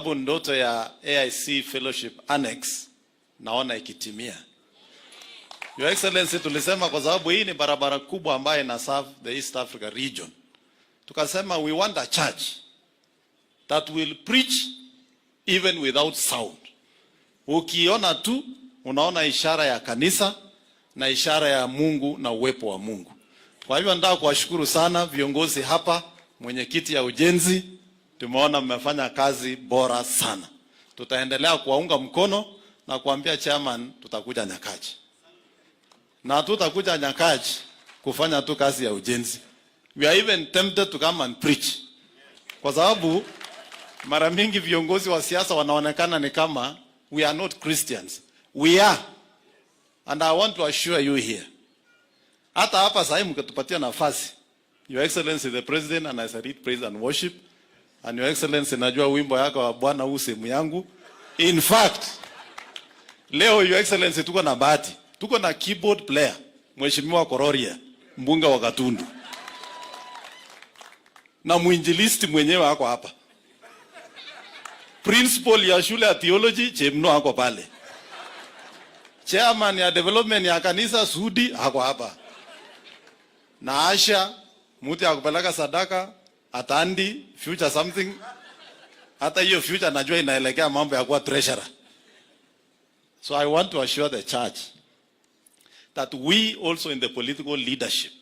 Sababu ndoto ya AIC Fellowship Annex naona ikitimia. Your Excellency, tulisema kwa sababu hii ni barabara kubwa ambayo ina serve the East Africa region. Tukasema we want a church that will preach even without sound. Ukiona tu unaona ishara ya kanisa na ishara ya Mungu na uwepo wa Mungu. Kwa hivyo nataka kuwashukuru sana viongozi hapa, mwenyekiti ya ujenzi tumeona mmefanya kazi bora sana. Tutaendelea kuwaunga mkono na kuambia chairman, tutakuja Nyakachi na tutakuja Nyakachi kufanya tu kazi ya ujenzi. We are even tempted to come and preach, kwa sababu mara mingi viongozi wa siasa wanaonekana ni kama we are not Christians. We are, and I want to assure you here, hata hapa sasa mkitupatia nafasi, Your Excellency the President and I said it, praise and worship And your excellency, najua wimbo yako wa bwana huu sehemu yangu. In fact, leo your excellency, tuko na bahati, tuko na keyboard player Mheshimiwa Kororia, mbunge wa Katundu, na mwinjilisti mwenyewe ako hapa, principal ya shule ya theology Chemno ako pale, chairman ya development ya kanisa Sudi ako hapa, na Asha muti akupeleka sadaka hata andi future something, hata hiyo future najua inaelekea mambo ya kuwa treasurer. So I want to assure the church that we also in the political leadership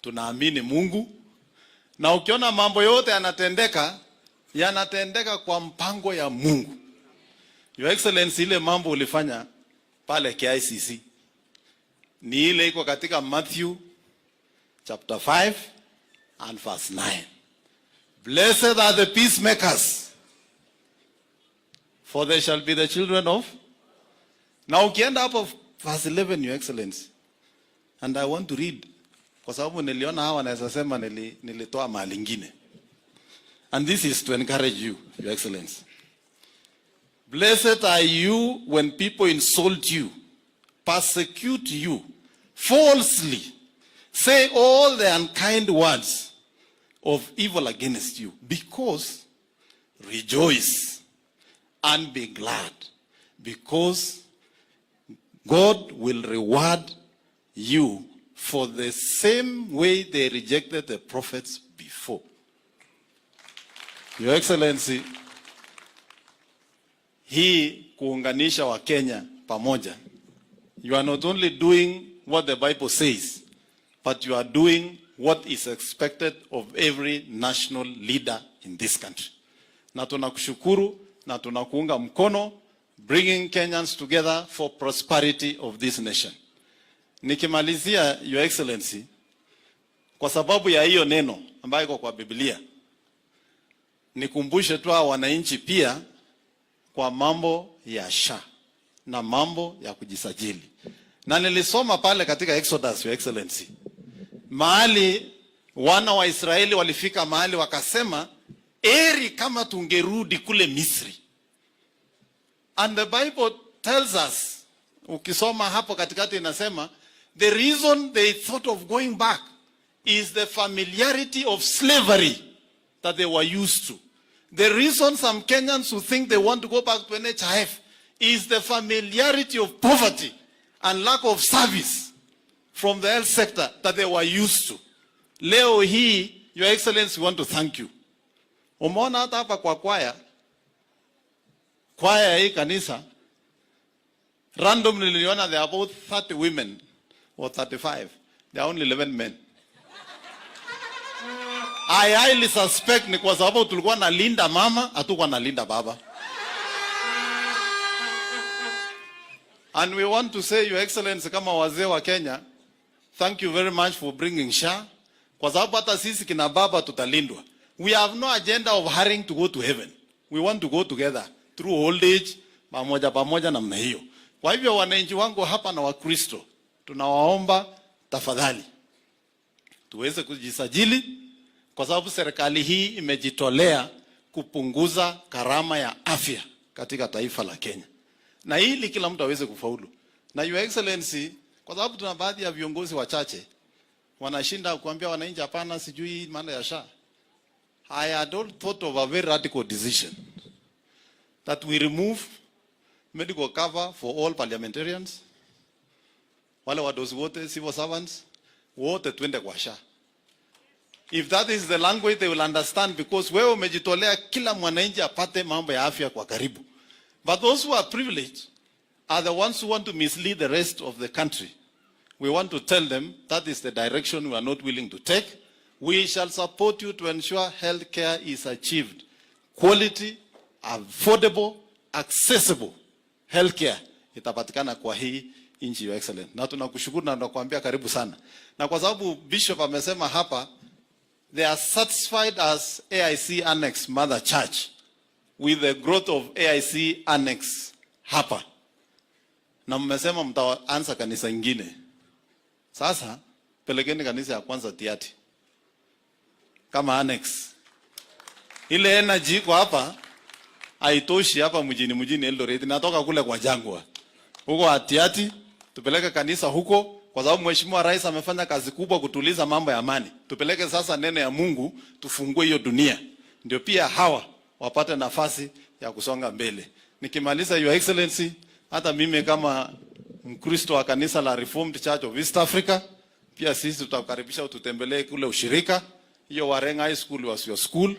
tunaamini Mungu, na ukiona mambo yote yanatendeka yanatendeka kwa mpango ya Mungu. Your Excellency, ile mambo ulifanya pale KICC ni ile iko katika Matthew chapter 5 and verse 9. Blessed are the peacemakers, for they shall be the children of. Na ukienda hapo verse 11, your excellency, and I want to read kwa sababu niliona hawa naweza sema nilitoa mali nyingine. And this is to encourage you, your excellency. Blessed are you when people insult you, persecute you, falsely say all the unkind words of evil against you because rejoice and be glad because God will reward you for the same way they rejected the prophets before. Your Excellency, hii kuunganisha Kenya pamoja. You are not only doing what the Bible says, but you are doing what is expected of every national leader in this country. Na tunakushukuru na tunakuunga mkono bringing Kenyans together for prosperity of this nation. Nikimalizia, Your Excellency, kwa sababu ya hiyo neno ambayo iko kwa Biblia, nikumbushe tu hao wananchi pia kwa mambo ya SHA na mambo ya kujisajili, na nilisoma pale katika Exodus, Your Excellency mahali wana wa Israeli walifika mahali wakasema, eri kama tungerudi kule Misri. And the Bible tells us, ukisoma hapo katikati inasema the reason they thought of going back is the familiarity of slavery that they were used to. The reason some Kenyans who think they want to go back to NHIF is the familiarity of poverty and lack of service from the health sector that they were used to. Leo hii Your Excellency, we want to thank you. Umeona hata hapa kwa kwaya, kwaya hii kanisa randomly niliona there are about 30 women or 35. There are only 11 men. I highly suspect ni kwa sababu tulikuwa na linda mama, hatukuwa na linda baba. And we want to say Your Excellency, kama wazee wa Kenya Thank you very much for bringing SHA kwa sababu hata sisi kina baba tutalindwa. We have no agenda of hurrying to go to heaven. We want to go together through old age pamoja pamoja namna hiyo. Kwa hivyo wananchi wangu hapa na Wakristo tunawaomba tafadhali tuweze kujisajili kwa sababu serikali hii imejitolea kupunguza gharama ya afya katika taifa la Kenya, na hili kila mtu aweze kufaulu. Na Your Excellency kwa sababu tuna baadhi ya viongozi wachache wanashinda kuambia wananchi hapana, sijui maana ya SHA. I had not thought of a very radical decision that we remove medical cover for all parliamentarians, wale wadosi wote, civil servants wote twende kwa SHA. If that is the language they will understand because wewe umejitolea kila mwananchi apate mambo ya afya kwa karibu. But those who are privileged are the ones who want to mislead the rest of the country. We want to tell them that is the direction we are not willing to take. We shall support you to ensure health care is achieved. Quality, affordable, accessible health care itapatikana kwa hii nchi yo excellent. Na tunakushukuru na tunakuambia karibu sana. Na kwa sababu Bishop amesema hapa they are satisfied as AIC Annex Mother Church with the growth of AIC Annex hapa. Na mmesema mtaanza kanisa ingine. Sasa pelekeni kanisa ya kwanza Tiati kama annex. Ile energy iko hapa haitoshi hapa mjini mjini Eldoret, natoka kule kwa jangwa huko Atiati, tupeleke kanisa huko, kwa sababu mheshimiwa rais amefanya kazi kubwa kutuliza mambo ya amani. Tupeleke sasa neno ya Mungu, tufungue hiyo dunia, ndio pia hawa wapate nafasi ya kusonga mbele. Nikimaliza, Your Excellency, hata mimi kama Mkristo wa kanisa la Reformed Church of East Africa. Pia sisi tutakaribisha ututembelee kule ushirika hiyo Warenga High School wasio school.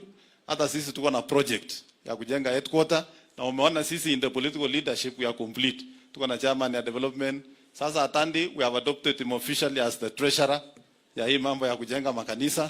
Hata sisi tuko na project ya kujenga headquarter, na umeona sisi in the political leadership we are complete. Tuko na chairman ya development. Sasa Atandi, we have adopted him officially as the treasurer ya hii mambo ya kujenga makanisa.